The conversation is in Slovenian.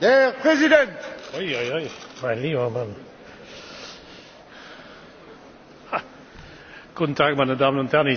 der präsident! uiuiui mein lieber mann! guten tag meine damen und herren!